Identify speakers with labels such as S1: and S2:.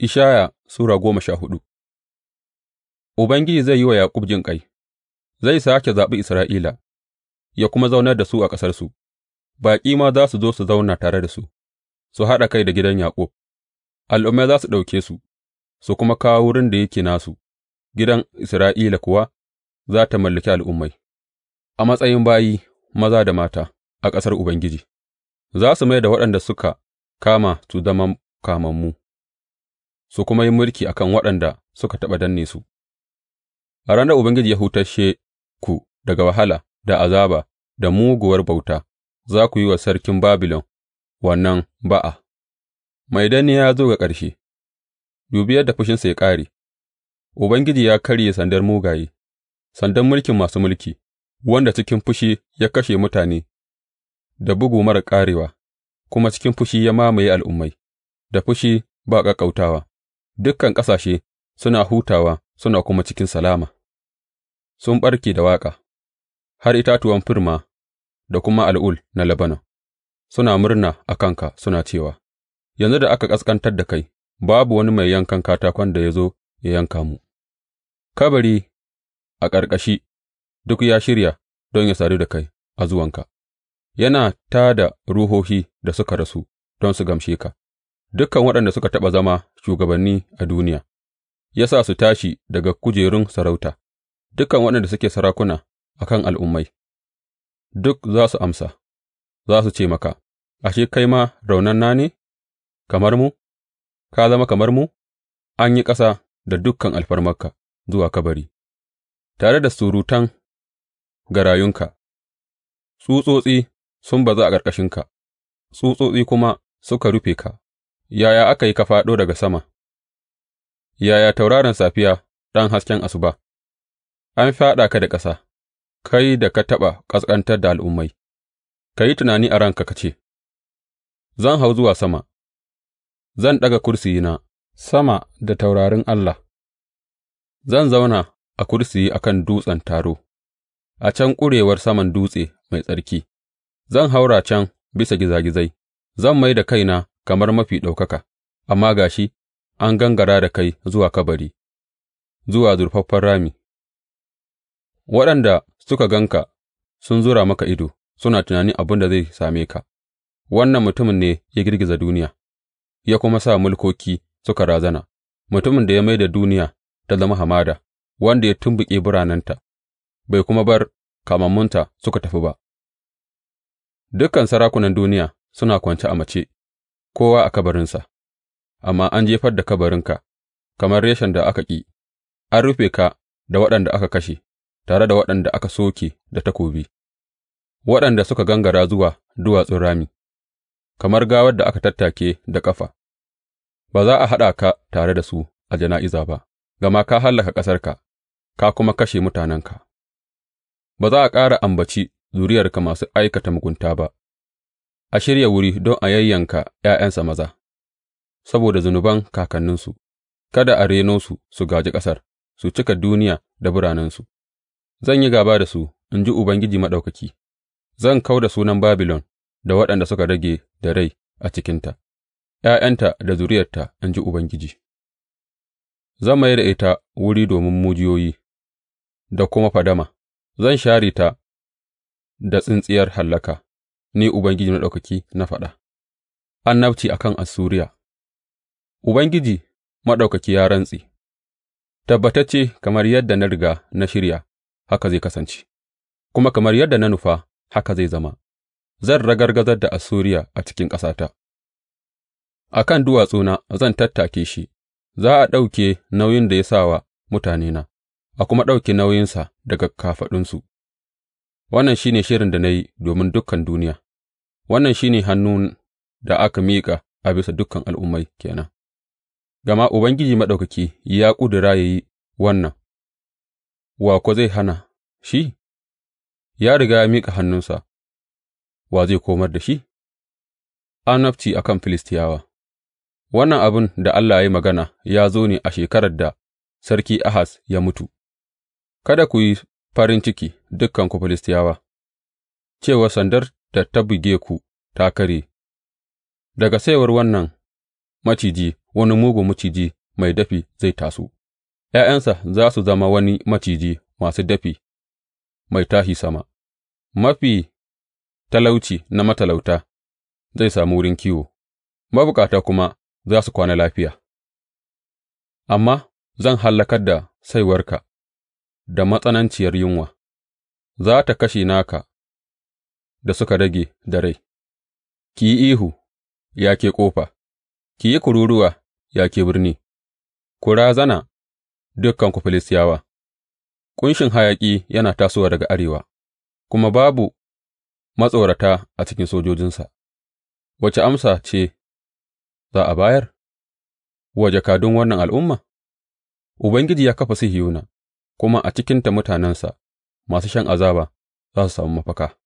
S1: Ishaya Sura goma sha hudu Ubangiji zai yi wa Yaƙub jinƙai, zai sake zaɓi Isra'ila, ya kuma zaunar da su a ƙasarsu, baƙi ma za su zo su zauna tare da su, su haɗa kai da gidan Yaƙub, al'ummai za su ɗauke su, su kuma kawo wurin da yake nasu, gidan Isra'ila kuwa za ta mallaki al'ummai, a matsayin bayi maza da mata a ƙasar Ubangiji, za su mai da waɗanda suka kama su zama kamammu. su kuma yi mulki a kan waɗanda suka taɓa danne su, a ranar Ubangiji ya hutashe ku daga wahala da azaba da muguwar bauta, za ku yi wa sarkin Babilon wannan ba'a, mai danniya ya zo ga ƙarshe, dubi yadda fushinsa ya ƙare, Ubangiji ya karye sandar mugaye, sandan mulkin masu mulki, wanda cikin fushi ya kashe mutane da bugu mara ƙarewa, kuma cikin fushi ya mamaye al'ummai, da fushi ba ƙaƙƙautawa. dukan ƙasashe suna hutawa suna kuma cikin salama, sun ɓarke da waƙa, har itatuwan firma da kuma al'ul na Lebanon suna murna a kanka suna cewa, Yanzu da aka ƙasƙantar da kai, babu wani mai yankan katakon da ya zo ya yanka mu, kabari a ƙarƙashi duk ya shirya don ya sadu da kai a zuwanka, yana ta da ruhohi da suka rasu don su gamshe ka. dukan waɗanda suka taɓa zama shugabanni a duniya, ya sa su tashi daga kujerun sarauta, dukan waɗanda suke sarakuna a kan al'ummai, duk za su amsa, za su ce maka, Ashe, kai ma raunanna ne, kamar mu, ka zama kamar mu, an yi ƙasa da dukan alfarmarka zuwa kabari, tare da surutan garayunka, tsutsotsi sun baza a ƙarƙashinka, tsutsotsi kuma suka rufe ka. Yaya aka yi ka fāɗo daga sama, yaya tauraron safiya, ɗan hasken asuba, an fyaɗa ka da ƙasa, kai da ka taɓa ƙasƙantar da al'ummai, ka yi tunani a ranka ka ce, Zan hau zuwa sama, zan ɗaga kursiyina sama da taurarin Allah, zan zauna a kursiyi a kan dutsen taro, a can ƙurewar saman dutse mai tsarki, zan haura can bisa gizagizai, zan mai da kaina kamar mafi ɗaukaka, amma ga shi an gangara da kai zuwa kabari, zuwa zurfaffen rami. Waɗanda suka gan ka sun zura maka ido, suna tunanin abin da zai same ka, wannan mutumin ne ya girgiza duniya, ya kuma sa mulkoki suka razana, mutumin da ya mai da duniya ta zama hamada, wanda ya tumbuƙe biranenta, bai kuma bar kamammunta suka tafi ba. Dukan sarakunan duniya suna kwance a mace kowa a kabarinsa, amma an jefar da kabarinka kamar reshen da aka ƙi, an rufe ka da waɗanda aka kashe, tare da waɗanda aka soke da takobi, waɗanda suka gangara zuwa duwatsun rami, kamar gawar da aka tattake da ƙafa, ba za a haɗa ka tare da su a jana'iza ba, gama ka hallaka ƙasarka, ka kuma kashe mutanenka. Ba za a ƙara ambaci zuriyarka masu aikata mugunta ba. a shirya wuri don a yayyanka ’ya'yansa maza saboda zunuban kakanninsu, kada a reno su su gāji ƙasar, su cika duniya da biranensu, zan yi gaba da su, in ji Ubangiji Maɗaukaki, zan kau da sunan Babilon da waɗanda suka rage da rai a cikinta, ’ya'yanta da zuriyarta, in ji Ubangiji. Zan mai da ita wuri domin mujiyoyi da kuma fadama, zan share ta da tsintsiyar hallaka. Ni Ubangiji Maɗaukaki na faɗa. Annabci a kan Assuriya Ubangiji Maɗaukaki ya rantse, Tabbatacce kamar yadda na riga na shirya, haka zai kasance, kuma kamar yadda na nufa, haka zai zama. Zan ragargazar da Assuriya a cikin ƙasata, a kan duwatsuna zan tattake shi, za a ɗauke nauyin da ya sa wa mutanena, a kuma ɗauke nauyinsa daga kafaɗunsu. Wannan shi ne shirin da na yi domin dukan duniya, Wannan shi ne hannun da aka miƙa a bisa dukan al'ummai ke nan, gama Ubangiji Maɗaukaki ya ƙudura ya yi wannan, wa ko zai hana shi? Ya riga ya miƙa hannunsa, wa zai komar da shi? Annabci a kan Filistiyawa Wannan abin da Allah ya yi magana ya zo ne a shekarar da Sarki Ahaz ya mutu, kada ku yi farin ciki, dukanku Filistiyawa, cewa sandar da ta buge ku ta karye, daga saiwar wannan maciji wani mugun maciji mai dafi zai taso, ’ya'yansa za su zama wani maciji masu dafi mai tashi sama, mafi talauci na matalauta zai samu wurin kiwo, mabukata kuma za su kwana lafiya, amma zan hallakar da saiwarka da matsananciyar yunwa, za ta kashe naka da suka rage da rai, ki yi ihu, ya ke ƙofa, ki yi kururuwa, ya ke birni, ku razana dukanku Filistiyawa, ƙunshin hayaƙi yana tasowa daga arewa, kuma babu matsorata a cikin sojojinsa, wace amsa ce za a bayar? Wa jakadun wannan al'umma? Ubangiji ya kafa Sihiyona, kuma a cikinta mutanensa masu shan azaba za su samu mafaka.